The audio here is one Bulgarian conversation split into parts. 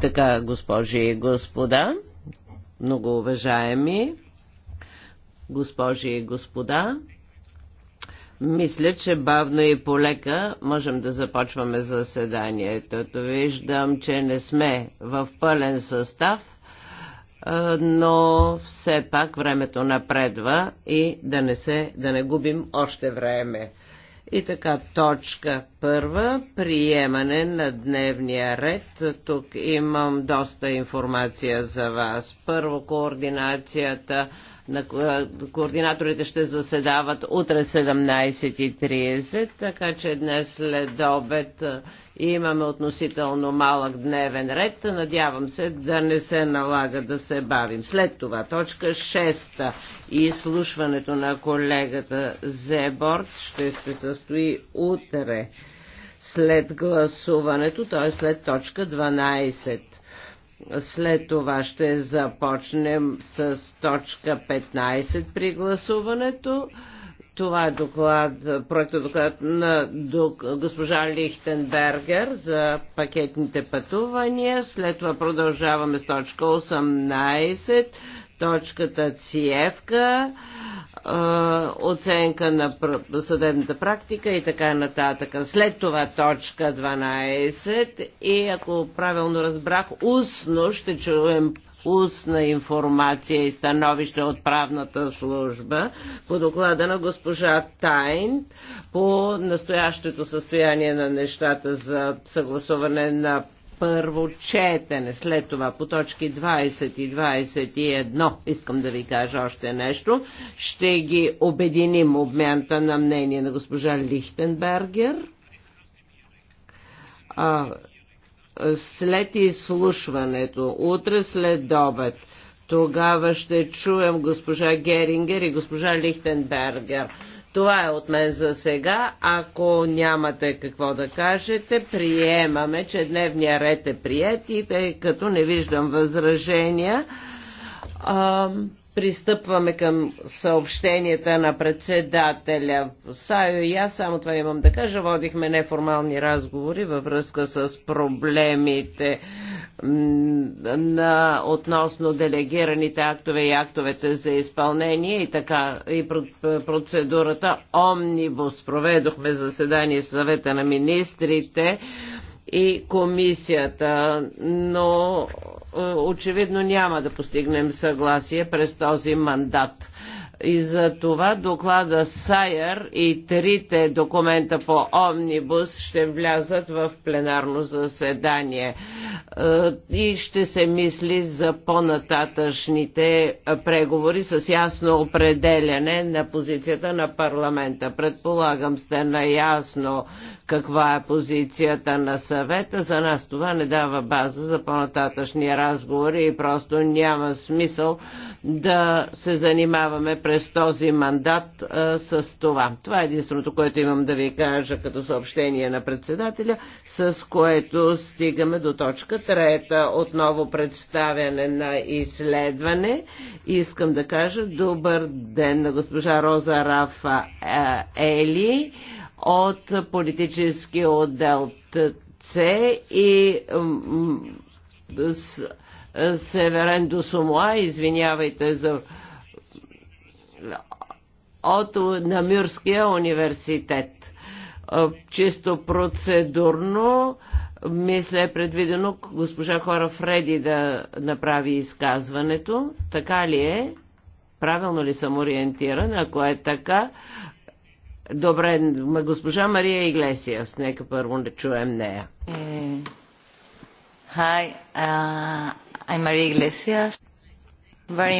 Така, госпожи и господа, много уважаеми госпожи и господа, мисля, че бавно и полека можем да започваме заседанието. Виждам, че не сме в пълен състав но все пак времето напредва и да не, се, да не губим още време. И така, точка първа, приемане на дневния ред. Тук имам доста информация за вас. Първо, координацията на координаторите ще заседават утре 17.30, така че днес след обед имаме относително малък дневен ред. Надявам се да не се налага да се бавим. След това точка 6 и изслушването на колегата Зеборд ще се състои утре след гласуването, т.е. след точка 12. След това ще започнем с точка 15 при гласуването. Това е доклад, проектът е доклад на госпожа Лихтенбергер за пакетните пътувания. След това продължаваме с точка 18 точката Циевка, оценка на съдебната практика и така нататък. След това точка 12 и ако правилно разбрах, устно ще чуем устна информация и становище от правната служба по доклада на госпожа Тайн по настоящето състояние на нещата за съгласуване на първо четене. След това по точки 20 и 21, искам да ви кажа още нещо, ще ги обединим обмянта на мнение на госпожа Лихтенбергер. А, след изслушването, утре след обед, тогава ще чуем госпожа Герингер и госпожа Лихтенбергер това е от мен за сега. Ако нямате какво да кажете, приемаме, че дневния ред е прият и тъй като не виждам възражения, а, пристъпваме към съобщенията на председателя. Сайо и аз, само това имам да кажа, водихме неформални разговори във връзка с проблемите на, относно делегираните актове и актовете за изпълнение и така и процедурата Омнибус. Проведохме заседание с съвета на министрите и комисията, но е, очевидно няма да постигнем съгласие през този мандат и за това доклада Сайер и трите документа по Омнибус ще влязат в пленарно заседание е, и ще се мисли за по-нататъчните преговори с ясно определяне на позицията на парламента. Предполагам сте наясно каква е позицията на съвета. За нас това не дава база за по-нататъчни разговори и просто няма смисъл да се занимаваме през този мандат а, с това. Това е единственото, което имам да ви кажа като съобщение на председателя, с което стигаме до точка трета. Отново представяне на изследване. Искам да кажа добър ден на госпожа Роза Рафа Ели от политически отдел ТЦ и с, Северен Досумуа, извинявайте за от Намюрския университет. Е, чисто процедурно, мисля е предвидено госпожа Хора Фреди да направи изказването. Така ли е? Правилно ли съм ориентиран? Ако е така, добре, госпожа Мария Иглесиас, нека първо да чуем нея. Е, hi, uh, I'm Maria Iglesias. Very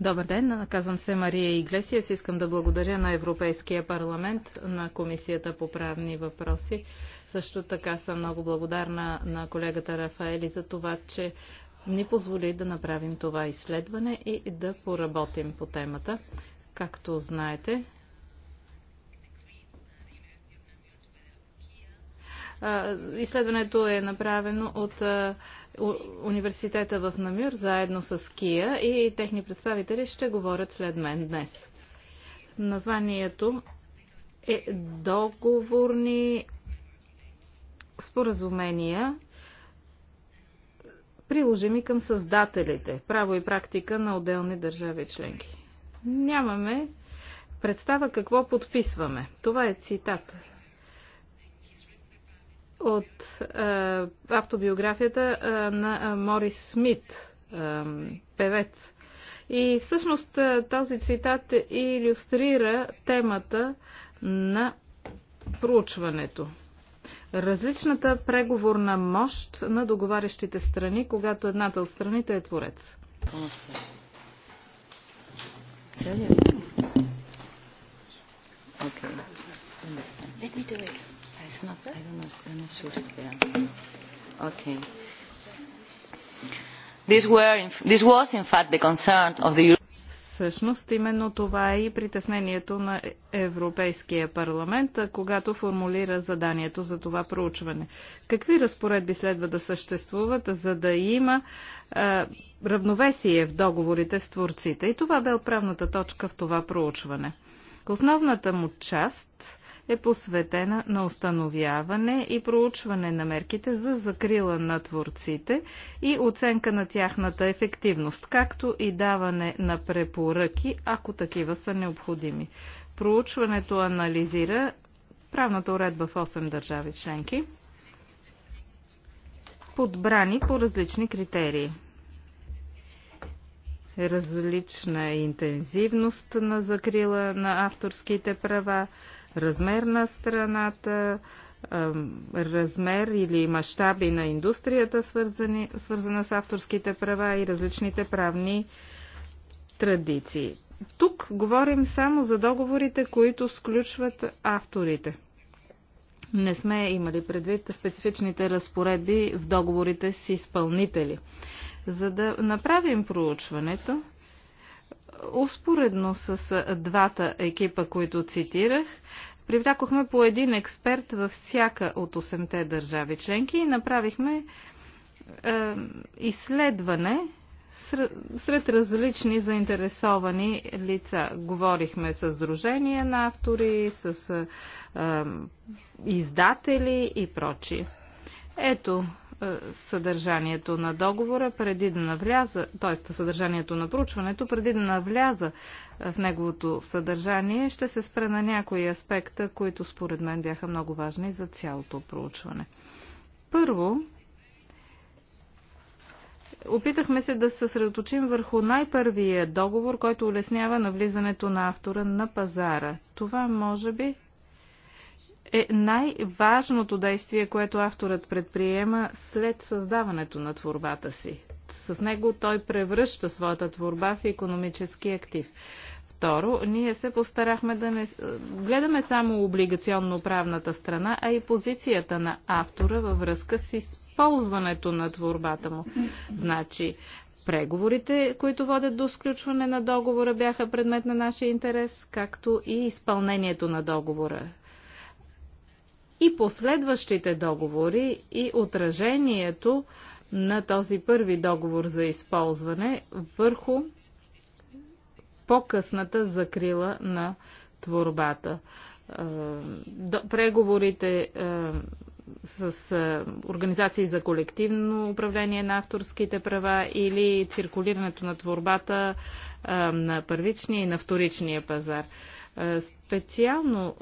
Добър ден, казвам се Мария Иглесиас. Искам да благодаря на Европейския парламент, на Комисията по правни въпроси. Също така съм много благодарна на колегата Рафаели за това, че ни позволи да направим това изследване и да поработим по темата. Както знаете, Изследването е направено от университета в Намюр, заедно с Кия и техни представители ще говорят след мен днес. Названието е договорни споразумения, приложими към създателите, право и практика на отделни държави членки. Нямаме представа какво подписваме. Това е цитата от а, е, автобиографията а, е, на е, Морис Смит, а, певец. И всъщност този цитат иллюстрира темата на проучването. Различната преговорна мощ на договарящите страни, когато едната от страните е творец. Okay. Let me do it it's not, I don't know, I'm not sure Okay. This, were, this was in fact the concern of the Всъщност, именно това е и притеснението на Европейския парламент, когато формулира заданието за това проучване. Какви разпоредби следва да съществуват, за да има а, равновесие в договорите с творците? И това бе отправната точка в това проучване. Основната му част е посветена на установяване и проучване на мерките за закрила на творците и оценка на тяхната ефективност, както и даване на препоръки, ако такива са необходими. Проучването анализира правната уредба в 8 държави членки, подбрани по различни критерии различна е интензивност на закрила на авторските права, размер на страната, размер или мащаби на индустрията, свързани, свързана с авторските права и различните правни традиции. Тук говорим само за договорите, които сключват авторите. Не сме имали предвид специфичните разпоредби в договорите с изпълнители. За да направим проучването, успоредно с двата екипа, които цитирах, привлякохме по един експерт във всяка от 8-те държави членки и направихме е, изследване сред, различни заинтересовани лица. Говорихме с дружения на автори, с е, издатели и прочие. Ето, е, съдържанието на договора преди да навляза, т.е. съдържанието на проучването, преди да навляза е, в неговото съдържание, ще се спре на някои аспекта, които според мен бяха много важни за цялото проучване. Първо, опитахме се да се съсредоточим върху най-първия договор, който улеснява навлизането на автора на пазара. Това може би е най-важното действие, което авторът предприема след създаването на творбата си. С него той превръща своята творба в економически актив. Второ, ние се постарахме да не гледаме само облигационно-правната страна, а и позицията на автора във връзка с използването на творбата му. Значи, преговорите, които водят до сключване на договора, бяха предмет на нашия интерес, както и изпълнението на договора и последващите договори и отражението на този първи договор за използване върху по-късната закрила на творбата. Е, преговорите е, с е, организации за колективно управление на авторските права или циркулирането на творбата на първичния и на вторичния пазар. Е, специално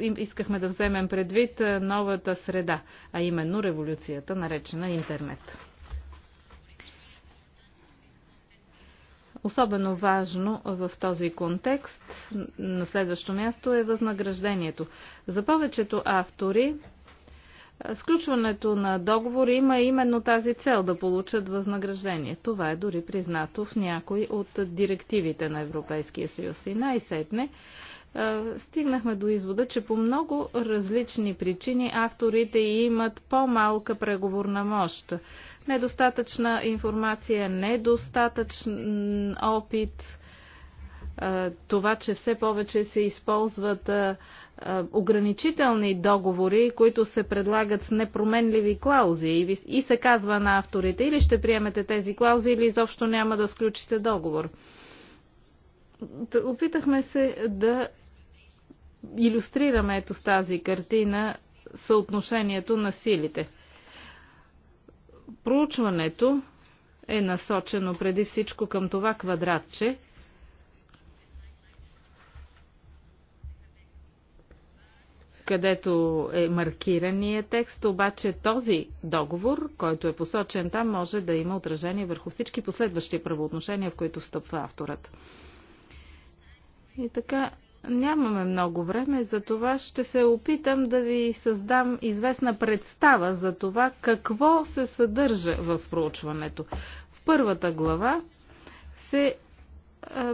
е, искахме да вземем предвид е, новата среда, а именно революцията, наречена интернет. Особено важно в този контекст на следващо място е възнаграждението. За повечето автори е, сключването на договор има именно тази цел да получат възнаграждение. Това е дори признато в някои от директивите на Европейския съюз. И най-сетне е, стигнахме до извода, че по много различни причини авторите имат по-малка преговорна мощ. Недостатъчна информация, недостатъчен опит, е, това, че все повече се използват ограничителни договори, които се предлагат с непроменливи клаузи и се казва на авторите или ще приемете тези клаузи или изобщо няма да сключите договор. Опитахме се да иллюстрираме ето с тази картина съотношението на силите. Проучването е насочено преди всичко към това квадратче, където е маркирания текст, обаче този договор, който е посочен там, може да има отражение върху всички последващи правоотношения, в които встъпва авторът. И така, нямаме много време, за това ще се опитам да ви създам известна представа за това какво се съдържа в проучването. В първата глава се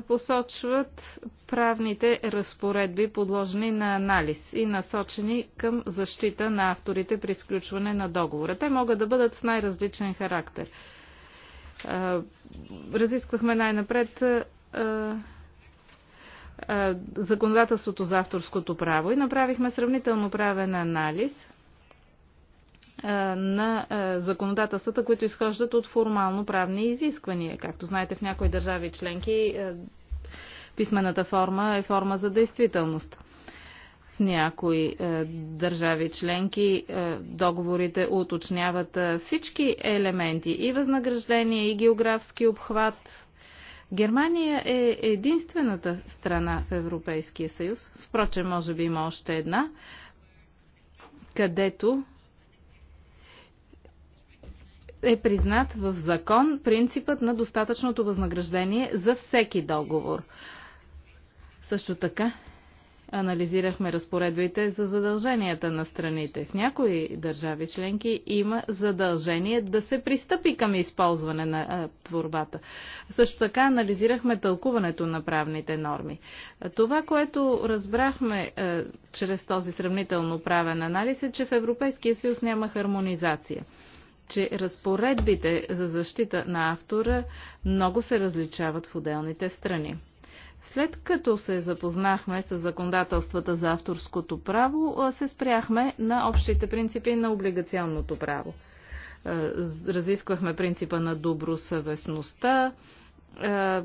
посочват правните разпоредби, подложени на анализ и насочени към защита на авторите при сключване на договора. Те могат да бъдат с най-различен характер. Разисквахме най-напред законодателството за авторското право и направихме сравнително правен анализ – на законодателствата, които изхождат от формално правни изисквания. Както знаете, в някои държави членки писмената форма е форма за действителност. В някои държави членки договорите уточняват всички елементи и възнаграждение, и географски обхват. Германия е единствената страна в Европейския съюз, впрочем, може би има още една, където е признат в закон принципът на достатъчното възнаграждение за всеки договор. Също така анализирахме разпоредбите за задълженията на страните. В някои държави членки има задължение да се пристъпи към използване на а, творбата. Също така анализирахме тълкуването на правните норми. Това, което разбрахме а, чрез този сравнително правен анализ е, че в Европейския съюз няма хармонизация че разпоредбите за защита на автора много се различават в отделните страни. След като се запознахме с законодателствата за авторското право, се спряхме на общите принципи на облигационното право. Разисквахме принципа на добросъвестността, е,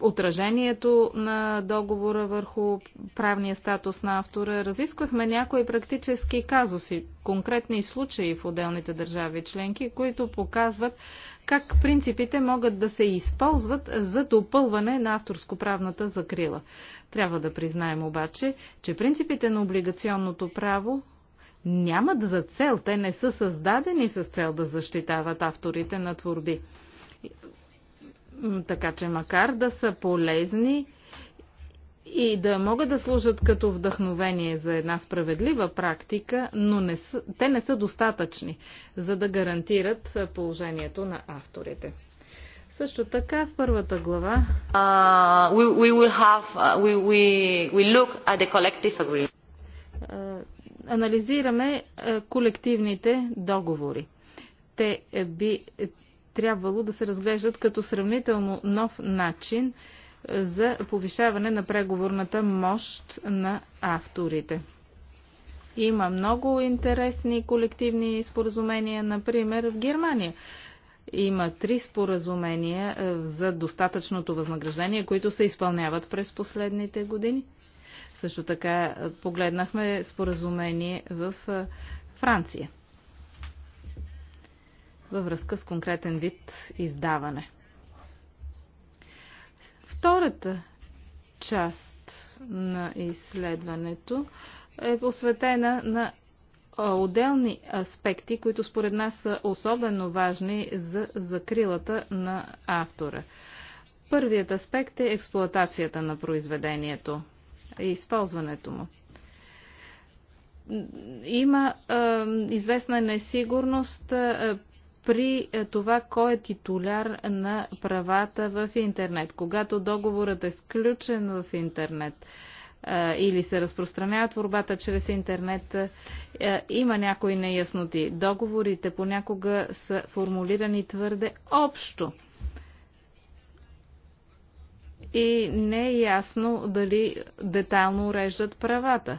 отражението на договора върху правния статус на автора. Разисквахме някои практически казуси, конкретни случаи в отделните държави членки, които показват как принципите могат да се използват за допълване на авторско-правната закрила. Трябва да признаем обаче, че принципите на облигационното право нямат за цел, те не са създадени с цел да защитават авторите на творби така че макар да са полезни и да могат да служат като вдъхновение за една справедлива практика, но не са, те не са достатъчни, за да гарантират положението на авторите. Също така в първата глава uh, we, we will have, uh, we, we, we look at the collective agreement. Uh, анализираме колективните договори. Те е, би трябвало да се разглеждат като сравнително нов начин е, за повишаване на преговорната мощ на авторите. Има много интересни колективни споразумения, например в Германия. Има три споразумения е, за достатъчното възнаграждение, които се изпълняват през последните години. Също така е, погледнахме споразумение в Франция във връзка с конкретен вид издаване. Втората част на изследването е посветена на отделни аспекти, които според нас са особено важни за закрилата на автора. Първият аспект е експлоатацията на произведението и използването му. Има е, известна несигурност е, при е, това кой е титуляр на правата в интернет. Когато договорът е сключен в интернет е, или се разпространява творбата чрез интернет, е, има някои неясноти. Договорите понякога са формулирани твърде общо и не е ясно дали детално уреждат правата.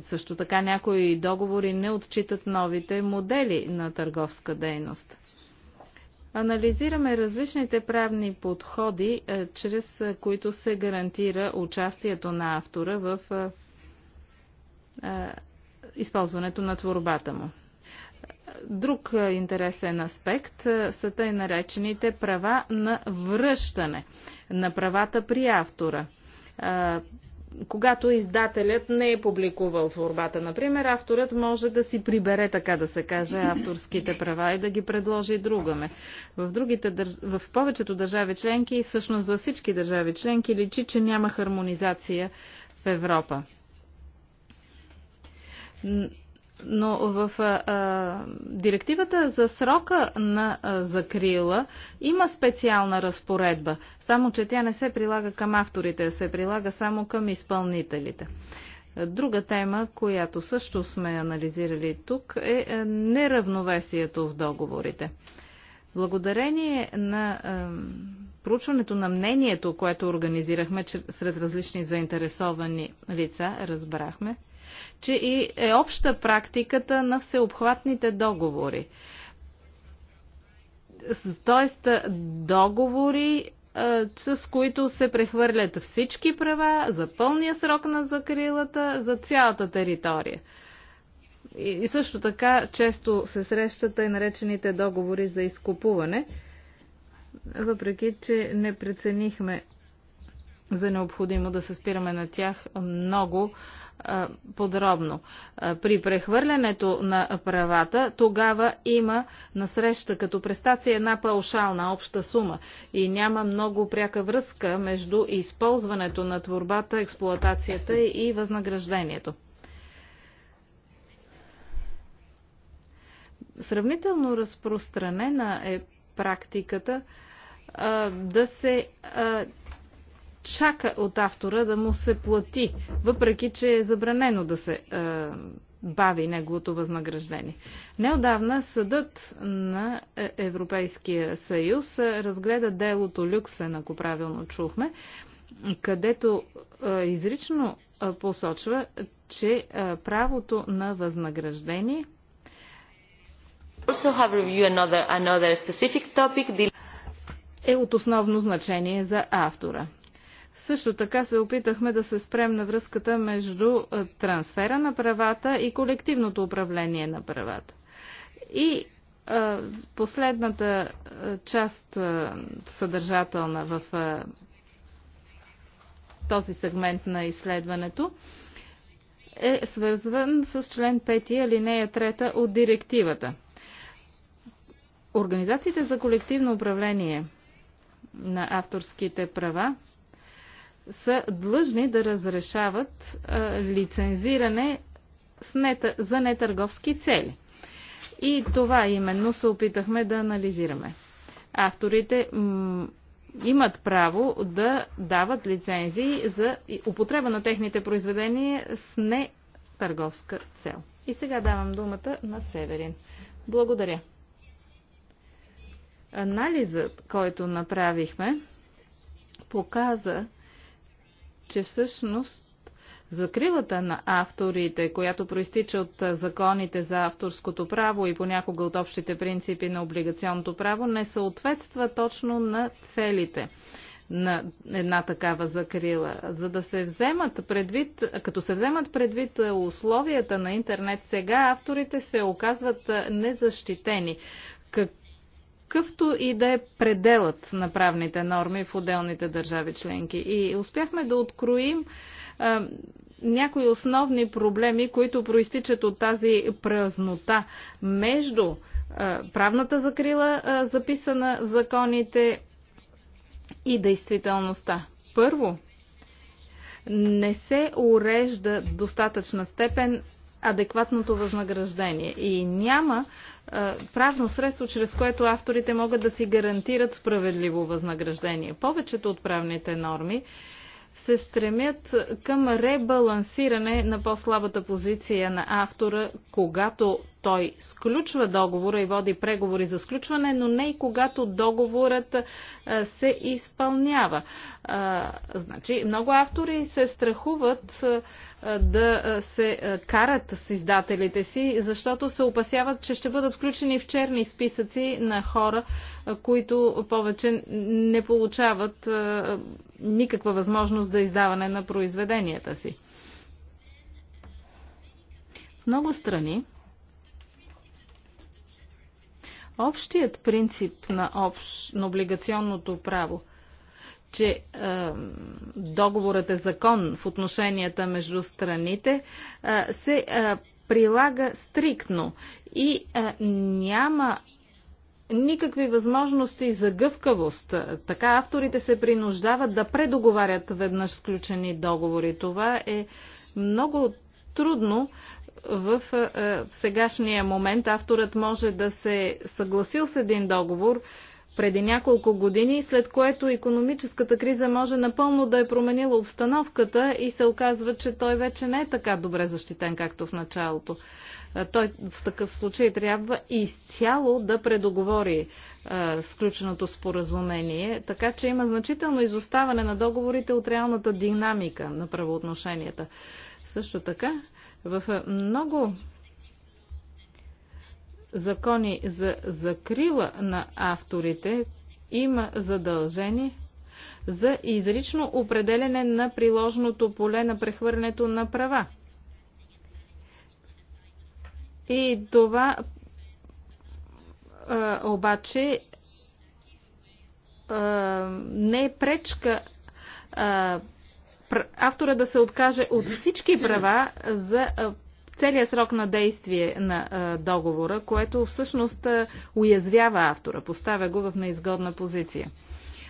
Също така някои договори не отчитат новите модели на търговска дейност. Анализираме различните правни подходи, е, чрез е, които се гарантира участието на автора в е, използването на творбата му. Друг интересен аспект са тъй наречените права на връщане, на правата при автора когато издателят не е публикувал творбата, например, авторът може да си прибере, така да се каже, авторските права и да ги предложи другаме. В, другите, в повечето държави членки, всъщност за всички държави членки, личи, че няма хармонизация в Европа. Но в а, директивата за срока на а, закрила има специална разпоредба, само че тя не се прилага към авторите, а се прилага само към изпълнителите. Друга тема, която също сме анализирали тук, е, е неравновесието в договорите. Благодарение на а, проучването на мнението, което организирахме сред различни заинтересовани лица, разбрахме, че и е обща практиката на всеобхватните договори. Тоест, договори, с които се прехвърлят всички права за пълния срок на закрилата за цялата територия. И също така често се срещат и наречените договори за изкупуване, въпреки че не преценихме за необходимо да се спираме на тях много подробно. При прехвърлянето на правата тогава има насреща като престация една паушална обща сума и няма много пряка връзка между използването на творбата, експлоатацията и възнаграждението. Сравнително разпространена е практиката да се чака от автора да му се плати, въпреки че е забранено да се е, бави неговото възнаграждение. Неодавна съдът на е, Европейския съюз е, разгледа делото Люксе, ако правилно чухме, където е, изрично е, посочва, че е, правото на възнаграждение е от основно значение за автора. Също така се опитахме да се спрем на връзката между е, трансфера на правата и колективното управление на правата. И а, е, последната а, е, част а, съдържателна в а, този сегмент на изследването е свързван с член 5 алинея 3 от директивата. Организациите за колективно управление на авторските права са длъжни да разрешават лицензиране за нетърговски цели. И това именно се опитахме да анализираме. Авторите имат право да дават лицензии за употреба на техните произведения с нетърговска цел. И сега давам думата на Северин. Благодаря. Анализът, който направихме, показа, че всъщност закрилата на авторите, която проистича от законите за авторското право и понякога от общите принципи на облигационното право, не съответства точно на целите на една такава закрила. За да се вземат предвид, като се вземат предвид условията на интернет, сега авторите се оказват незащитени. Как какъвто и да е пределът на правните норми в отделните държави членки. И успяхме да откроим а, някои основни проблеми, които проистичат от тази празнота между а, правната закрила, а, записана в законите и действителността. Първо, не се урежда достатъчна степен адекватното възнаграждение. И няма а, правно средство, чрез което авторите могат да си гарантират справедливо възнаграждение. Повечето от правните норми се стремят към ребалансиране на по-слабата позиция на автора, когато той сключва договора и води преговори за сключване, но не и когато договорът се изпълнява. Значи, много автори се страхуват да се карат с издателите си, защото се опасяват, че ще бъдат включени в черни списъци на хора, които повече не получават никаква възможност за издаване на произведенията си. В много страни Общият принцип на, общ, на облигационното право, че е, договорът е закон в отношенията между страните, е, се е, прилага стриктно и е, няма никакви възможности за гъвкавост. Така авторите се принуждават да предоговарят веднъж сключени договори. Това е много трудно в е, сегашния момент авторът може да се съгласил с един договор преди няколко години, след което економическата криза може напълно да е променила обстановката и се оказва, че той вече не е така добре защитен, както в началото. Е, той в такъв случай трябва изцяло да предоговори е, сключеното споразумение, така че има значително изоставане на договорите от реалната динамика на правоотношенията. Също така, в е, много закони за закрила на авторите има задължение за изрично определене на приложното поле на прехвърлянето на права. И това а, е, обаче а, е, не е пречка а, автора да се откаже от всички права за целият срок на действие на договора, което всъщност уязвява автора, поставя го в неизгодна позиция.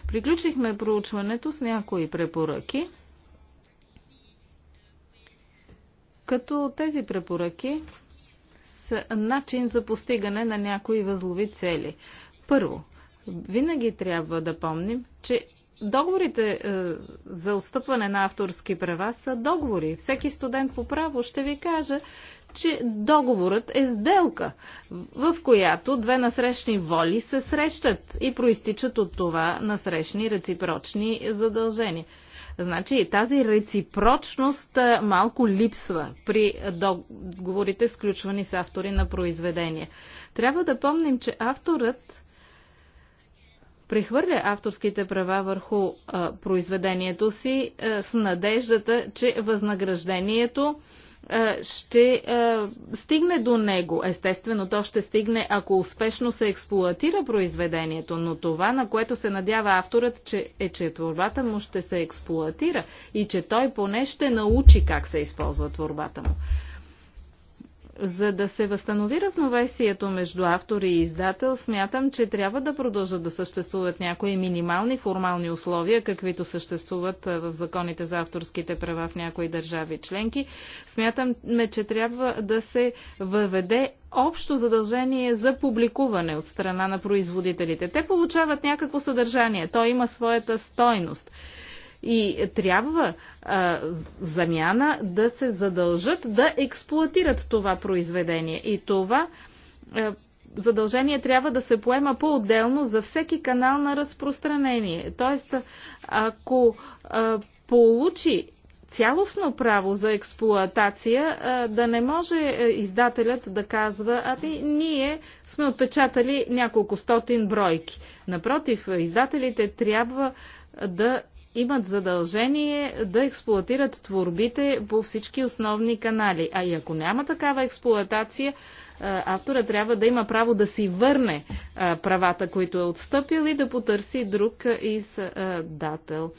Приключихме проучването с някои препоръки, като тези препоръки са начин за постигане на някои възлови цели. Първо, винаги трябва да помним, че Договорите е, за отстъпване на авторски права са договори. Всеки студент по право ще ви каже, че договорът е сделка, в която две насрещни воли се срещат и проистичат от това насрещни реципрочни задължения. Значи тази реципрочност е, малко липсва при договорите, сключвани с автори на произведения. Трябва да помним, че авторът прехвърля авторските права върху а, произведението си а, с надеждата, че възнаграждението а, ще а, стигне до него. Естествено, то ще стигне, ако успешно се експлуатира произведението, но това, на което се надява авторът, че, е, че творбата му ще се експлуатира и че той поне ще научи как се използва творбата му. За да се възстанови равновесието между автор и издател, смятам, че трябва да продължат да съществуват някои минимални формални условия, каквито съществуват в законите за авторските права в някои държави членки. Смятам, че трябва да се въведе общо задължение за публикуване от страна на производителите. Те получават някакво съдържание, то има своята стойност. И трябва а, замяна да се задължат да експлуатират това произведение. И това а, задължение трябва да се поема по-отделно за всеки канал на разпространение. Тоест, ако а, получи цялостно право за експлуатация, да не може издателят да казва, ами ние сме отпечатали няколко стотин бройки. Напротив, издателите трябва да имат задължение да експлуатират творбите по всички основни канали. А и ако няма такава експлуатация, автора трябва да има право да си върне правата, които е отстъпил и да потърси друг издател.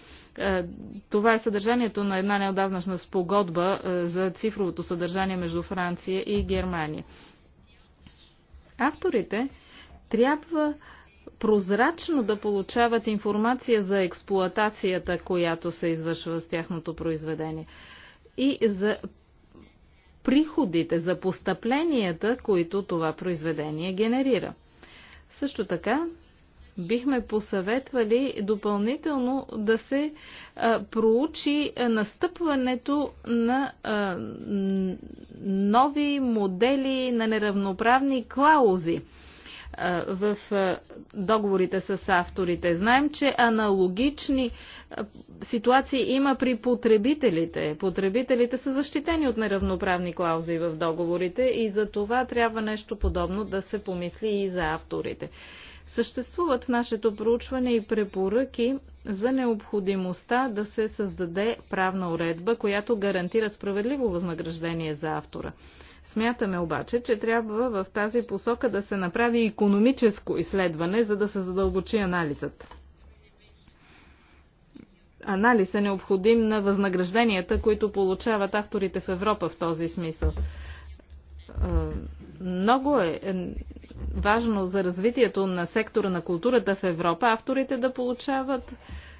Това е съдържанието на една неодавнашна спогодба за цифровото съдържание между Франция и Германия. Авторите трябва прозрачно да получават информация за експлоатацията, която се извършва с тяхното произведение и за приходите, за постъпленията, които това произведение генерира. Също така, бихме посъветвали допълнително да се а, проучи настъпването на а, нови модели на неравноправни клаузи в договорите с авторите. Знаем, че аналогични ситуации има при потребителите. Потребителите са защитени от неравноправни клаузи в договорите и за това трябва нещо подобно да се помисли и за авторите. Съществуват в нашето проучване и препоръки за необходимостта да се създаде правна уредба, която гарантира справедливо възнаграждение за автора. Смятаме обаче, че трябва в тази посока да се направи економическо изследване, за да се задълбочи анализът. Анализ е необходим на възнагражденията, които получават авторите в Европа в този смисъл. Много е, е важно за развитието на сектора на културата в Европа авторите да получават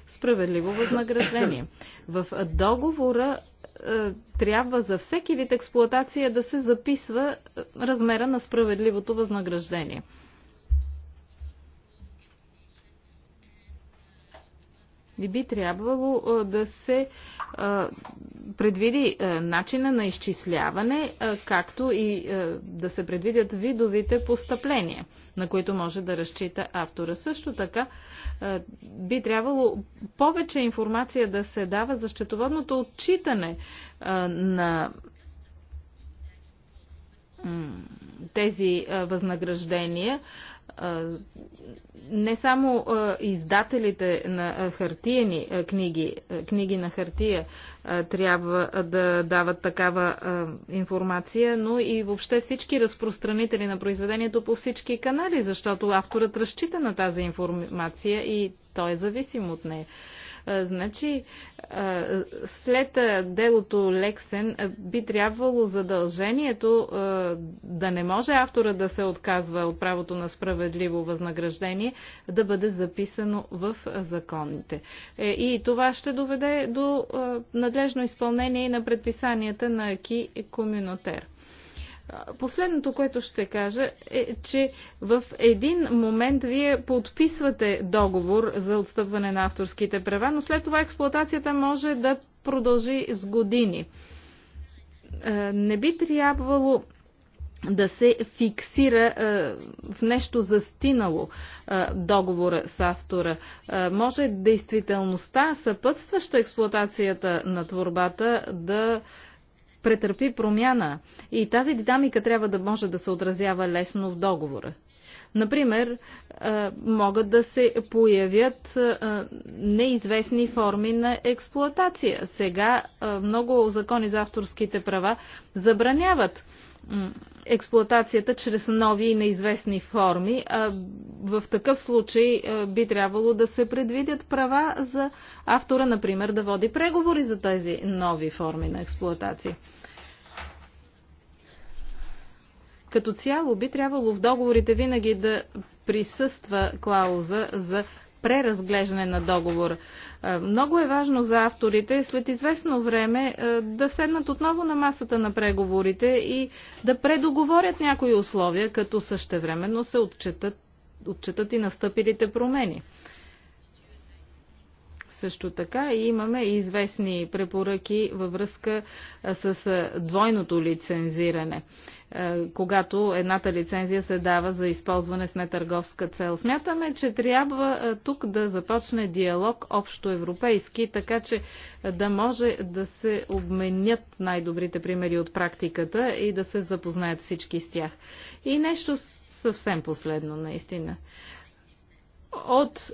справедливо възнаграждение. В договора е, трябва за всеки вид експлоатация да се записва е, размера на справедливото възнаграждение. не би трябвало да се предвиди начина на изчисляване, както и да се предвидят видовите постъпления, на които може да разчита автора. Също така би трябвало повече информация да се дава за счетоводното отчитане на тези възнаграждения не само издателите на хартиени книги, книги на хартия трябва да дават такава информация, но и въобще всички разпространители на произведението по всички канали, защото авторът разчита на тази информация и той е зависим от нея. Значи, след делото Лексен би трябвало задължението да не може автора да се отказва от правото на справедливо възнаграждение да бъде записано в законите. Е, и това ще доведе до надлежно изпълнение и на предписанията на Аки Комюнотер. Последното, което ще кажа е, че в един момент вие подписвате договор за отстъпване на авторските права, но след това експлуатацията може да продължи с години. Не би трябвало да се фиксира в нещо застинало договора с автора. може действителността, съпътстваща експлуатацията на творбата, да претърпи промяна и тази динамика трябва да може да се отразява лесно в договора. Например, е, могат да се появят е, неизвестни форми на експлоатация. Сега е, много закони за авторските права забраняват експлоатацията чрез нови и неизвестни форми. В такъв случай би трябвало да се предвидят права за автора, например, да води преговори за тези нови форми на експлоатация. Като цяло би трябвало в договорите винаги да присъства клауза за преразглеждане на договор. Е, много е важно за авторите след известно време е, да седнат отново на масата на преговорите и да предоговорят някои условия, като същевременно се отчетат, отчетат и настъпилите промени също така и имаме известни препоръки във връзка с двойното лицензиране, когато едната лицензия се дава за използване с нетърговска цел. Смятаме, че трябва тук да започне диалог общо европейски, така че да може да се обменят най-добрите примери от практиката и да се запознаят всички с тях. И нещо съвсем последно, наистина от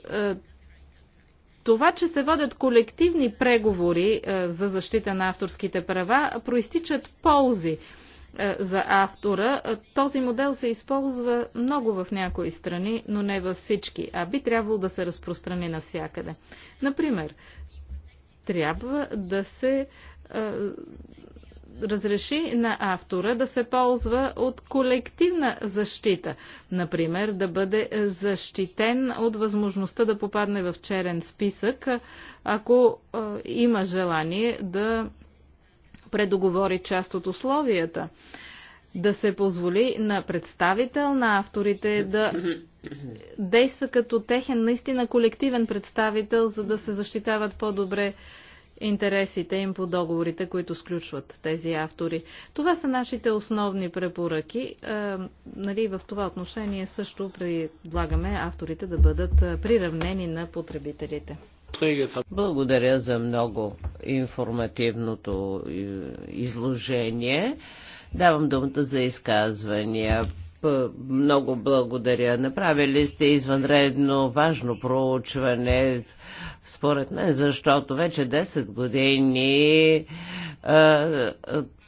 това, че се водят колективни преговори е, за защита на авторските права, проистичат ползи е, за автора. Е, този модел се използва много в някои страни, но не във всички, а би трябвало да се разпространи навсякъде. Например, трябва да се разреши на автора да се ползва от колективна защита. Например, да бъде защитен от възможността да попадне в черен списък, ако има желание да предоговори част от условията. Да се позволи на представител на авторите да действа като техен наистина колективен представител, за да се защитават по-добре интересите им по договорите, които сключват тези автори. Това са нашите основни препоръки. Е, нали, в това отношение също предлагаме авторите да бъдат е, приравнени на потребителите. Благодаря за много информативното е, изложение. Давам думата за изказвания. Много благодаря. Направили сте извънредно важно проучване, според мен, защото вече 10 години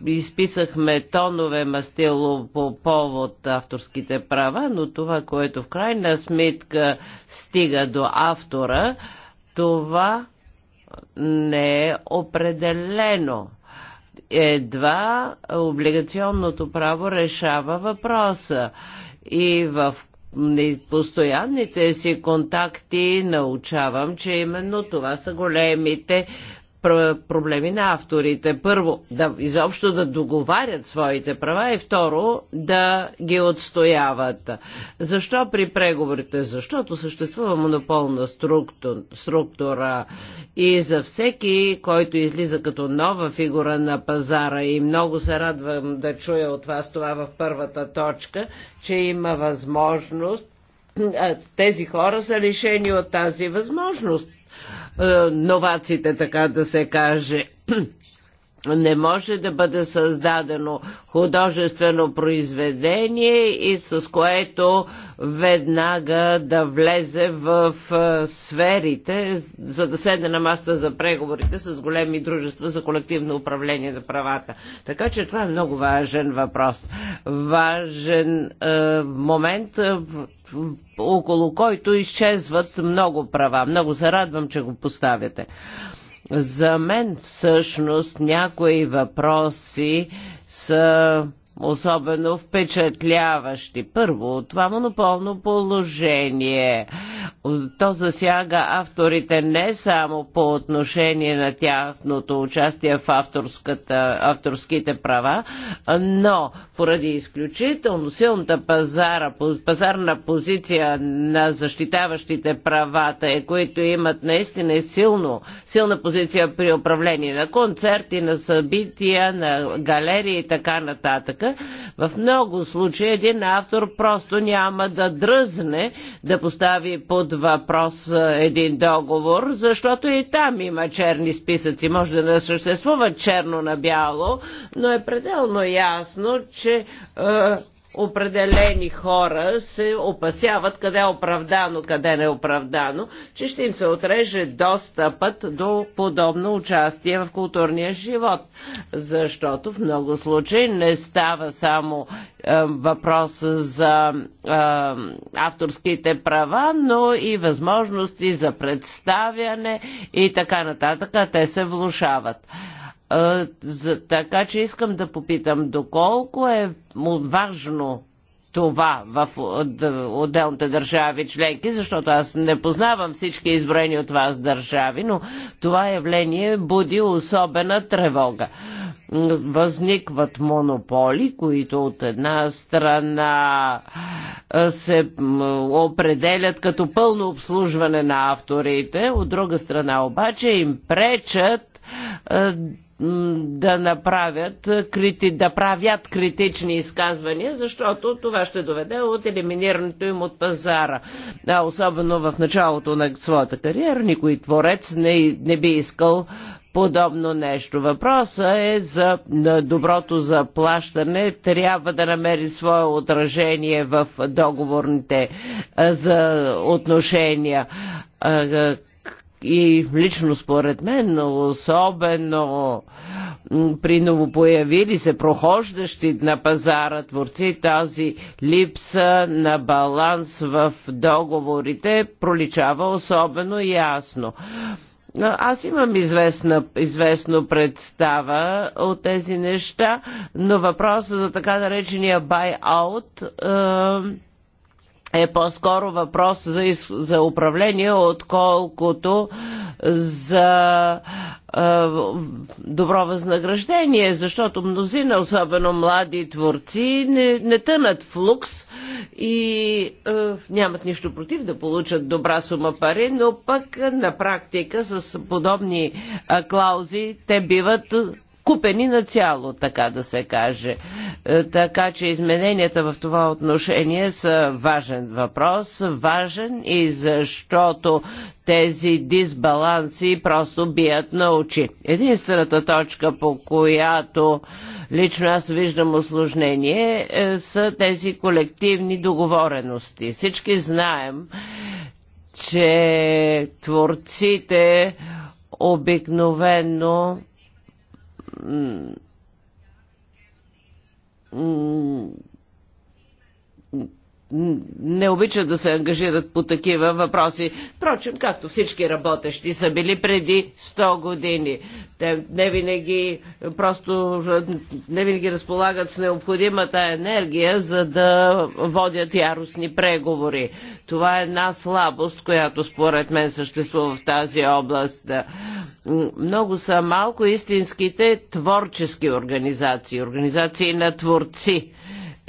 изписахме тонове мастило по повод авторските права, но това, което в крайна сметка стига до автора, това не е определено едва облигационното право решава въпроса. И в постоянните си контакти научавам, че именно това са големите проблеми на авторите. Първо, да изобщо да договарят своите права и второ, да ги отстояват. Защо при преговорите? Защото съществува монополна структура и за всеки, който излиза като нова фигура на пазара и много се радвам да чуя от вас това в първата точка, че има възможност тези хора са лишени от тази възможност е, новаците, така да се каже не може да бъде създадено художествено произведение и с което веднага да влезе в сферите, за да седне на маста за преговорите с големи дружества за колективно управление на правата. Така че това е много важен въпрос. Важен е, момент, е, около който изчезват много права. Много се радвам, че го поставяте. За мен всъщност някои въпроси са особено впечатляващи. Първо, това монополно положение. То засяга авторите не само по отношение на тяхното участие в авторските права, но поради изключително силната пазара, пазарна позиция на защитаващите правата, е, които имат наистина силно, силна позиция при управление на концерти, на събития, на галерии и така нататък, в много случаи един автор просто няма да дръзне да постави по под въпрос един договор, защото и там има черни списъци. Може да не съществува черно на бяло, но е пределно ясно, че е, определени хора се опасяват къде е оправдано, къде не е оправдано, че ще им се отреже достъпът до подобно участие в културния живот. Защото в много случаи не става само е, въпрос за е, авторските права, но и възможности за представяне и така нататък. Те се влушават. А, за, така че искам да попитам, доколко е важно това в отделните държави членки, защото аз не познавам всички изброени от вас държави, но това явление буди особена тревога. Възникват монополи, които от една страна се определят като пълно обслужване на авторите, от друга страна обаче им пречат е, да направят, да правят критични изказвания, защото това ще доведе от елиминирането им от пазара. Да, особено в началото на своята кариера никой творец не, не би искал подобно нещо. Въпросът е за доброто заплащане. Трябва да намери свое отражение в договорните е, за отношения е, и лично според мен, но особено при новопоявили се прохождащи на пазара творци, тази липса на баланс в договорите проличава особено ясно. Аз имам известна, известно представа от тези неща, но въпросът за така наречения buy-out е е по-скоро въпрос за, за управление, отколкото за е, добро възнаграждение, защото мнозина, особено млади творци, не, не тънат в лукс и е, нямат нищо против да получат добра сума пари, но пък на практика с подобни е, клаузи те биват купени на цяло, така да се каже. Е, така че измененията в това отношение са важен въпрос, важен и защото тези дисбаланси просто бият на очи. Единствената точка, по която лично аз виждам осложнение, е, са тези колективни договорености. Всички знаем, че творците обикновено 嗯，嗯，嗯。не обичат да се ангажират по такива въпроси. Впрочем, както всички работещи са били преди 100 години. Те не винаги просто не винаги разполагат с необходимата енергия, за да водят яростни преговори. Това е една слабост, която според мен съществува в тази област. Много са малко истинските творчески организации, организации на творци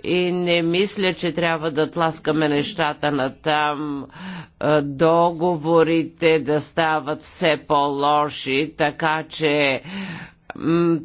и не мисля, че трябва да тласкаме нещата на там, е, договорите да стават все по-лоши, така че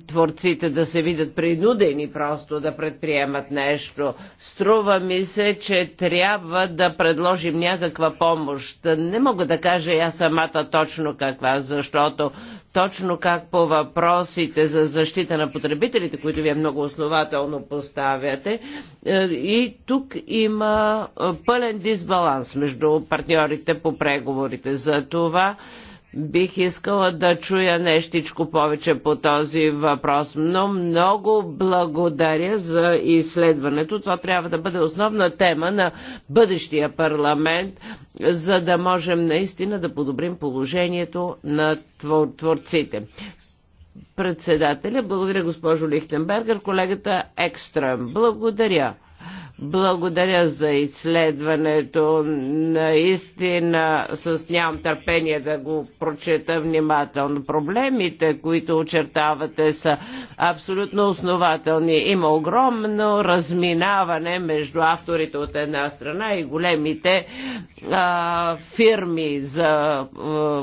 творците да се видят принудени просто да предприемат нещо. Струва ми се, че трябва да предложим някаква помощ. Не мога да кажа я самата точно каква, защото точно как по въпросите за защита на потребителите, които вие много основателно поставяте, е, и тук има е, пълен дисбаланс между партньорите по преговорите. За това Бих искала да чуя нещичко повече по този въпрос, но много благодаря за изследването. Това трябва да бъде основна тема на бъдещия парламент, за да можем наистина да подобрим положението на твор творците. Председателя, благодаря госпожо Лихтенбергер, колегата Екстрем. Благодаря. Благодаря за изследването. Наистина с нямам търпение да го прочета внимателно. Проблемите, които очертавате, са абсолютно основателни. Има огромно разминаване между авторите от една страна и големите а, фирми за а,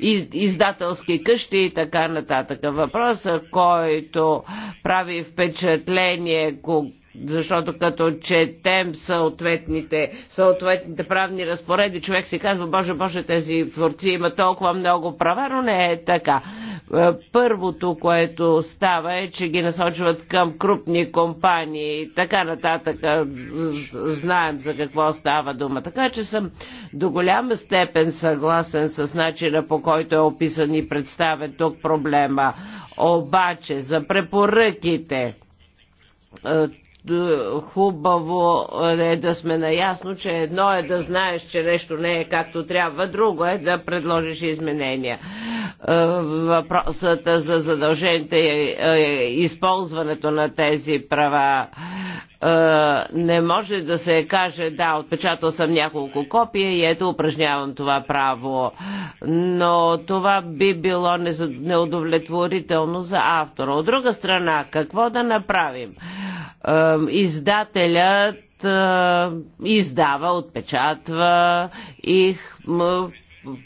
из, издателски къщи и така нататък. Въпросът, който прави впечатление, защото като четем съответните, съответните правни разпоредби, човек си казва, Боже, Боже, тези творци имат толкова много права, но не е така. Е, първото, което става е, че ги насочват към крупни компании и така нататък. Е, знаем за какво става дума. Така че съм до голяма степен съгласен с начина по който е описан и представен тук проблема. Обаче за препоръките е, е, хубаво е, е да сме наясно, че едно е да знаеш, че нещо не е както трябва, друго е да предложиш изменения. Е, въпросът за задължените е използването на тези права не може да се каже, да, отпечатал съм няколко копия и ето упражнявам това право. Но това би било неудовлетворително за автора. От друга страна, какво да направим? издателят издава, отпечатва и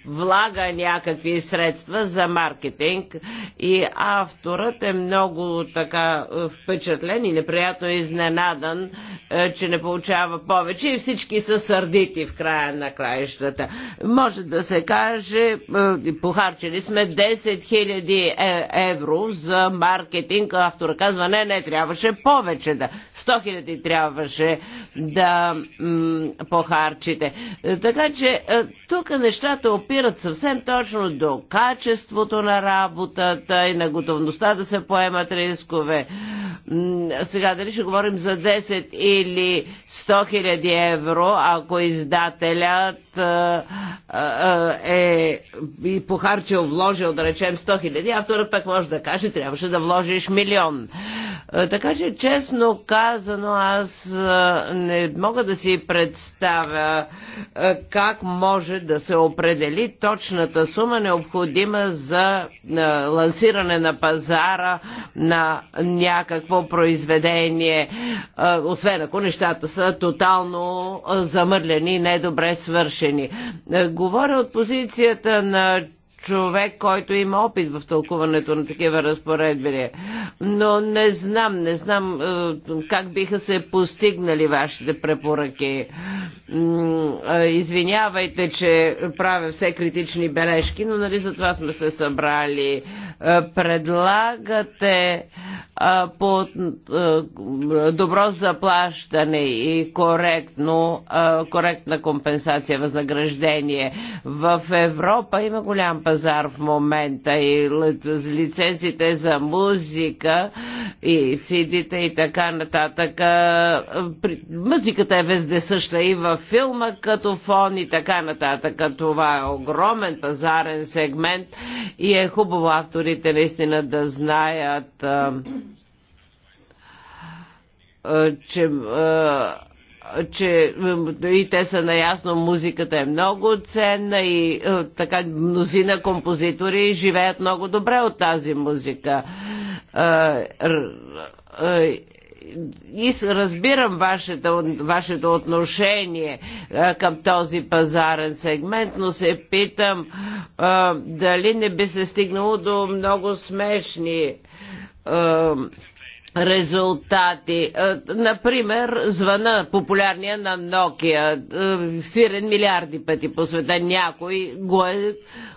влага някакви средства за маркетинг и авторът е много така е, впечатлен и неприятно изненадан, е, че не получава повече и всички са сърдити в края на краищата. Може да се каже, е, похарчили сме 10 000 евро за маркетинг, автора казва не, не, трябваше повече да. 100 000 трябваше да похарчите. Така че тук нещата те опират съвсем точно до качеството на работата и на готовността да се поемат рискове. Сега дали ще говорим за 10 или 100 хиляди евро, ако издателят е и похарчил, вложил, да речем, 100 хиляди, автора пък може да каже, трябваше да вложиш милион. Е, така че, честно казано, аз е, не мога да си представя е, как може да се определи точната сума необходима за лансиране на пазара на някакво произведение, освен ако нещата са тотално замърлени и недобре свършени. Говоря от позицията на човек, който има опит в тълкуването на такива разпоредби. Но не знам, не знам е, как биха се постигнали вашите препоръки. Е, извинявайте, че правя все критични бележки, но нали за това сме се събрали. Е, предлагате по добро заплащане и коректно, коректна компенсация, възнаграждение. В Европа има голям пазар пазар в момента и лицензите за музика и сидите и така нататък. Музиката е везде съща и във филма като фон и така нататък. Това е огромен пазарен сегмент и е хубаво авторите наистина да знаят че че и те са наясно, музиката е много ценна и е, така мнозина композитори живеят много добре от тази музика. Е, е, и разбирам вашето, вашето отношение към този пазарен сегмент, но се питам дали не би се стигнало до много смешни резултати. Е, например, звъна популярния на Nokia, е, сирен милиарди пъти по света някой го е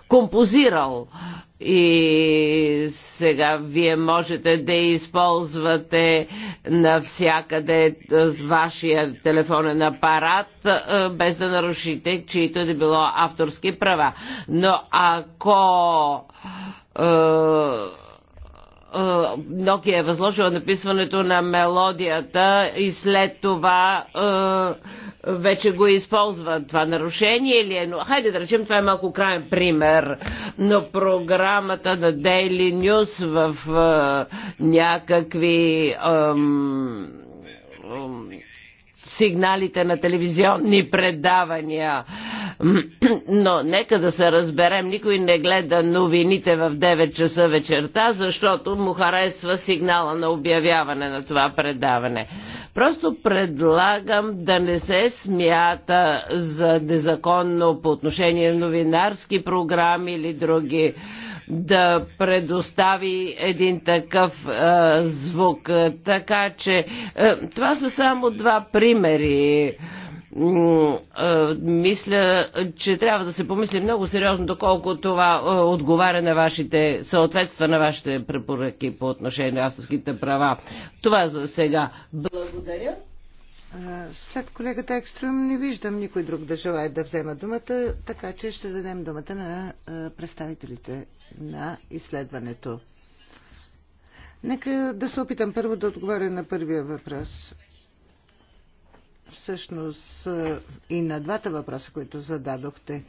композирал. И сега вие можете да използвате навсякъде с вашия телефонен апарат, е, без да нарушите чието да било авторски права. Но ако е, Nokia е възложила написването на мелодията и след това е, вече го използва. Това нарушение ли е? Но, хайде да речем, това е малко крайен пример. Но програмата на Daily News в е, някакви сигналите на телевизионни предавания Но нека да се разберем, никой не гледа новините в 9 часа вечерта, защото му харесва сигнала на обявяване на това предаване. Просто предлагам да не се смята за незаконно по отношение на новинарски програми или други да предостави един такъв е, звук. Така че е, това са само два примери мисля, че трябва да се помисли много сериозно, доколко това отговаря на вашите, съответства на вашите препоръки по отношение на авторските права. Това за сега. Благодаря. След колегата Екстрюм не виждам никой друг да желая да взема думата, така че ще дадем думата на представителите на изследването. Нека да се опитам първо да отговоря на първия въпрос всъщност е, и на двата въпроса, които зададохте.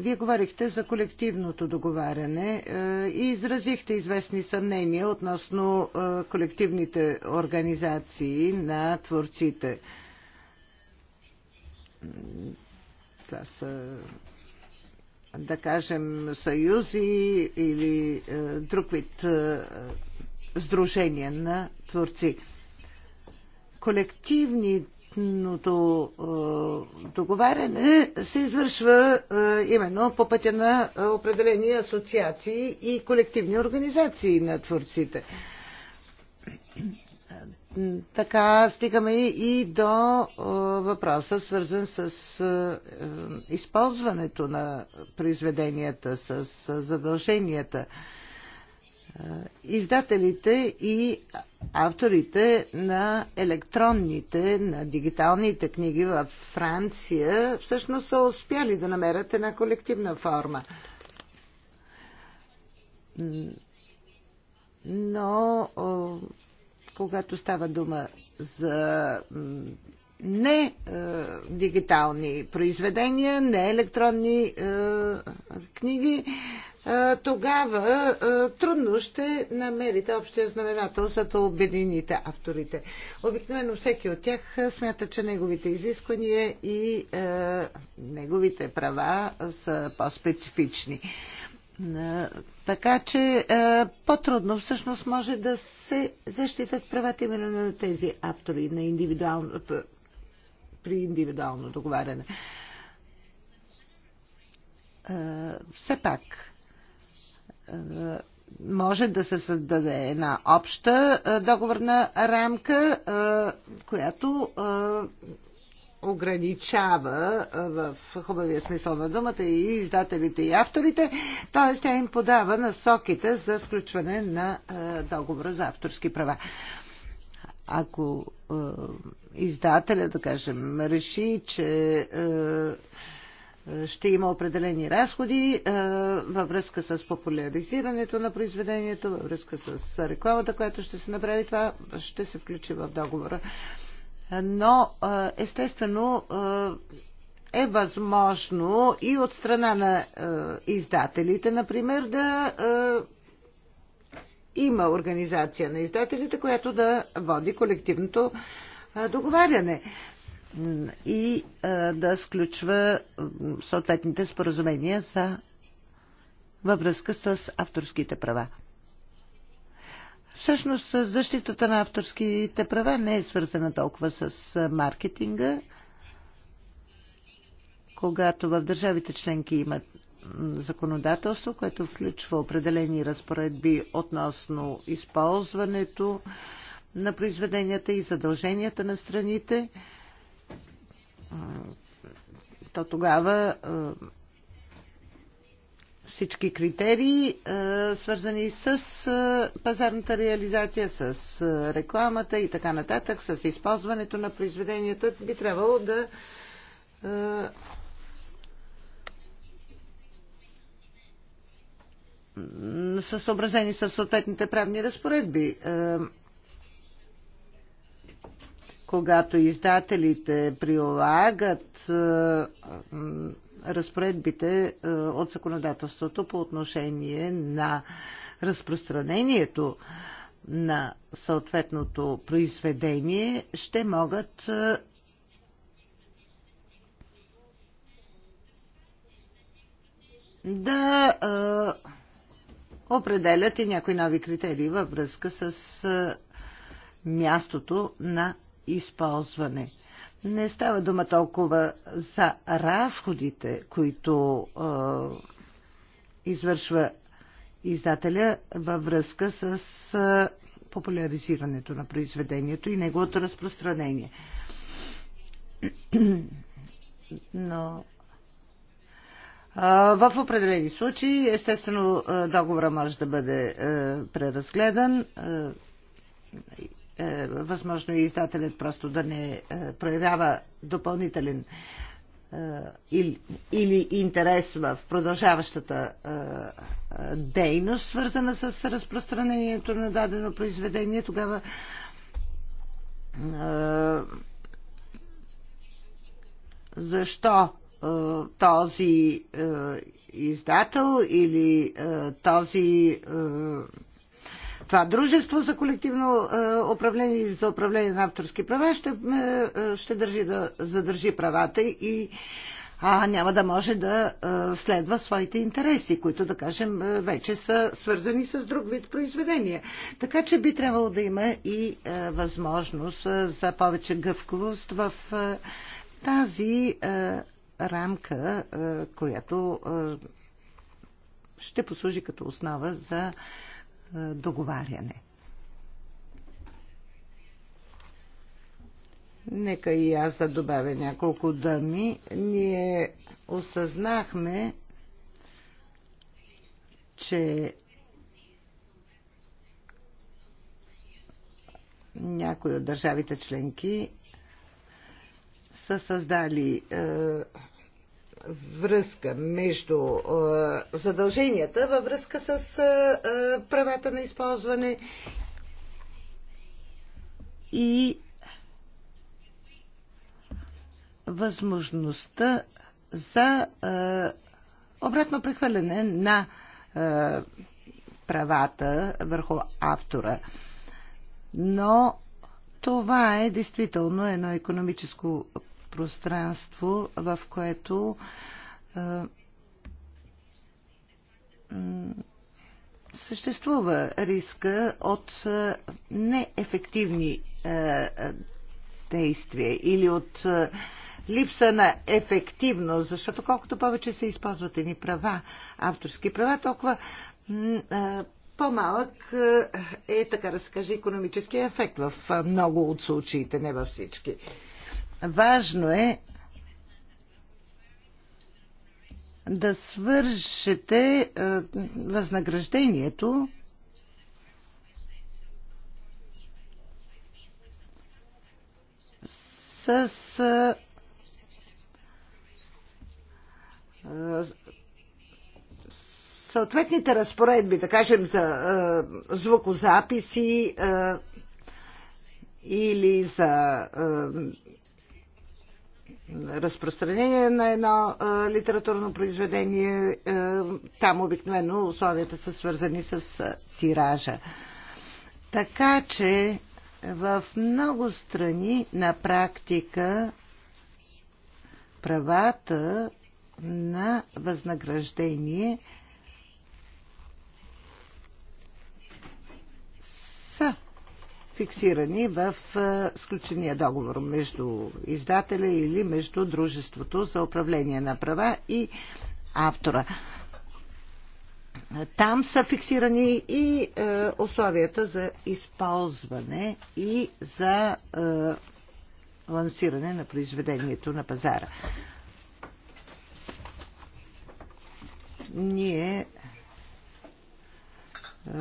Вие говорихте за колективното договаряне е, и изразихте известни съмнения относно е, колективните организации на творците. Това са, да кажем, съюзи или друг вид сдружения на творци. Колективните колективното е, договаряне се извършва е, именно по пътя на е, определени асоциации и колективни организации на творците. Така стигаме и до въпроса, свързан с използването на произведенията, с задълженията издателите и авторите на електронните, на дигиталните книги във Франция всъщност са успяли да намерят една колективна форма. Но когато става дума за не е, дигитални произведения, не електронни е, книги, е, тогава е, трудно ще намерите общия знаменател, за да обедините авторите. Обикновено всеки от тях е, смята, че неговите изисквания и е, неговите права са по-специфични. Е, така че е, по-трудно всъщност може да се защитат правата именно на тези автори, на индивидуално, при индивидуално договаряне. Все пак, може да се създаде една обща договорна рамка, която ограничава в хубавия смисъл на думата и издателите и авторите, т.е. тя им подава насоките за сключване на договора за авторски права. Ако е, издателя, да кажем, реши, че е, ще има определени разходи е, във връзка с популяризирането на произведението, във връзка с рекламата, която ще се направи, това ще се включи в договора. Но, е, естествено, е, е възможно и от страна на е, издателите, например, да е, има организация на издателите, която да води колективното договаряне и да сключва съответните споразумения за във връзка с авторските права. Всъщност защитата на авторските права не е свързана толкова с маркетинга, когато в държавите членки имат законодателство, което включва определени разпоредби относно използването на произведенията и задълженията на страните, то тогава всички критерии, свързани с пазарната реализация, с рекламата и така нататък, с използването на произведенията, би трябвало да са съобразени с съответните правни разпоредби. Е, когато издателите прилагат е, разпоредбите е, от законодателството по отношение на разпространението на съответното произведение, ще могат да определят и някои нови критерии във връзка с мястото на използване. Не става дума толкова за разходите, които е, извършва издателя във връзка с е, популяризирането на произведението и неговото разпространение. Но в определени случаи, естествено, договора може да бъде преразгледан. Е, възможно и издателят просто да не е, проявява допълнителен е, или интерес в продължаващата дейност, свързана с разпространението на дадено произведение, тогава защо е, този е, издател или е, този това дружество за колективно управление и за управление на авторски права ще, ще държи да задържи правата и а няма да може да следва своите интереси, които, да кажем, вече са свързани с друг вид произведения. Така че би трябвало да има и възможност за повече гъвковост в тази рамка, която ще послужи като основа за договаряне. Нека и аз да добавя няколко дъми. Ние осъзнахме, че някои от държавите членки са създали е, връзка между задълженията във връзка с правата на използване и възможността за обратно прехвърляне на правата върху автора. Но това е действително едно економическо пространство, в което съществува риска от неефективни действия или от липса на ефективност, защото колкото повече се използват едни права, авторски права, толкова по-малък е, така да се каже, економическия ефект в много от случаите, не във всички. Важно е да свържете е, възнаграждението с е, съответните разпоредби, да кажем за е, звукозаписи е, или за е, разпространение на едно а, литературно произведение, а, там обикновено условията са свързани с а, тиража. Така че в много страни на практика правата на възнаграждение са фиксирани в сключения договор между издателя или между дружеството за управление на права и автора. Там са фиксирани и е, условията за използване и за е, лансиране на произведението на пазара. Ние е,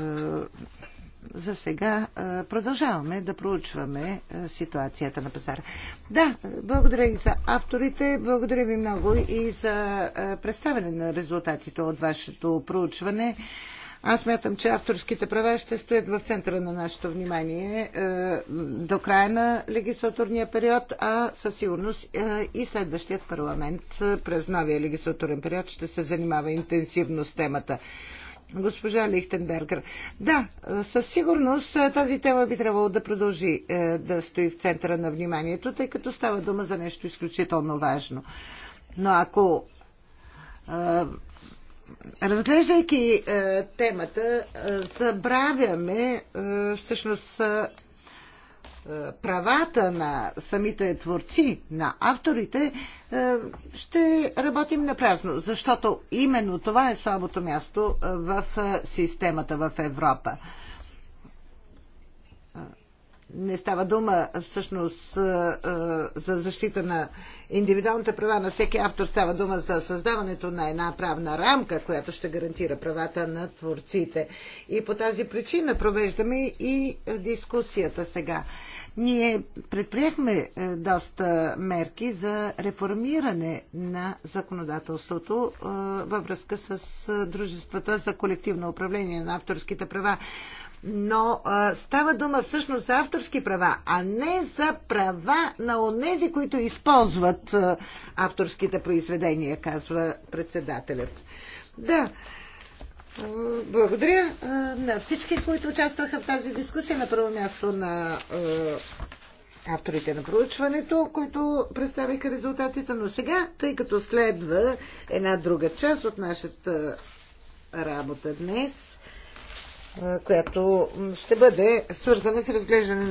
за сега продължаваме да проучваме ситуацията на пазара. Да, благодаря и за авторите, благодаря ви много и за представяне на резултатите от вашето проучване. Аз мятам, че авторските права ще стоят в центъра на нашето внимание до края на легислатурния период, а със сигурност и следващият парламент през новия легислатурен период ще се занимава интенсивно с темата госпожа Лихтенбергер. Да, е, със сигурност е, тази тема би трябвало да продължи е, да стои в центъра на вниманието, тъй като става дума за нещо изключително важно. Но ако разглеждайки темата, забравяме всъщност е, правата на самите творци, на авторите, е, ще работим на празно, защото именно това е слабото място е, в системата в Европа не става дума всъщност за защита на индивидуалните права на всеки автор, става дума за създаването на една правна рамка, която ще гарантира правата на творците. И по тази причина провеждаме и дискусията сега. Ние предприехме доста мерки за реформиране на законодателството във връзка с дружествата за колективно управление на авторските права но а, става дума всъщност за авторски права, а не за права на онези, които използват а, авторските произведения, казва председателят. Да. Благодаря а, на всички, които участваха в тази дискусия. На първо място на а, авторите на проучването, които представиха резултатите. Но сега, тъй като следва една друга част от нашата работа днес, която ще бъде свързана с разглеждане